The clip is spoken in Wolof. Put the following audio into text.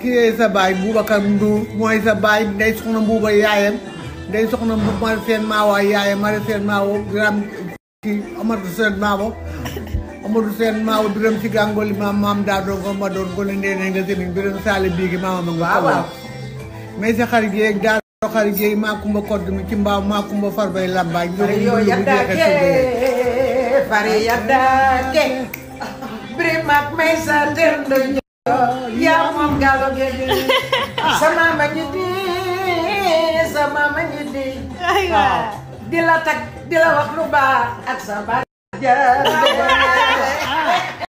kii sa baay Boubacar Ndour mooy sa baay ndey soxna Mbuuba yaayam ndey soxna Mbuuba mari seen maawaay yaayam mari seen maawo biram ci Amadou Seen maawo Amadou Seen maawo biram ci gàngoli maam maam daa doon ko ma doon gone ndeene nga sëniñ biram saale biigi maama ma nga waaw mais sa xarit yeeg daal xarit yeeg maa kumba kodd mi ci mbaaw maa kumba farbay lambaay ñoo yaddaake birim ak may sa ter yaa moom gàllo géej sama ma ngi di sama ma ngi di di la tag di la wax lu baax ak sa baax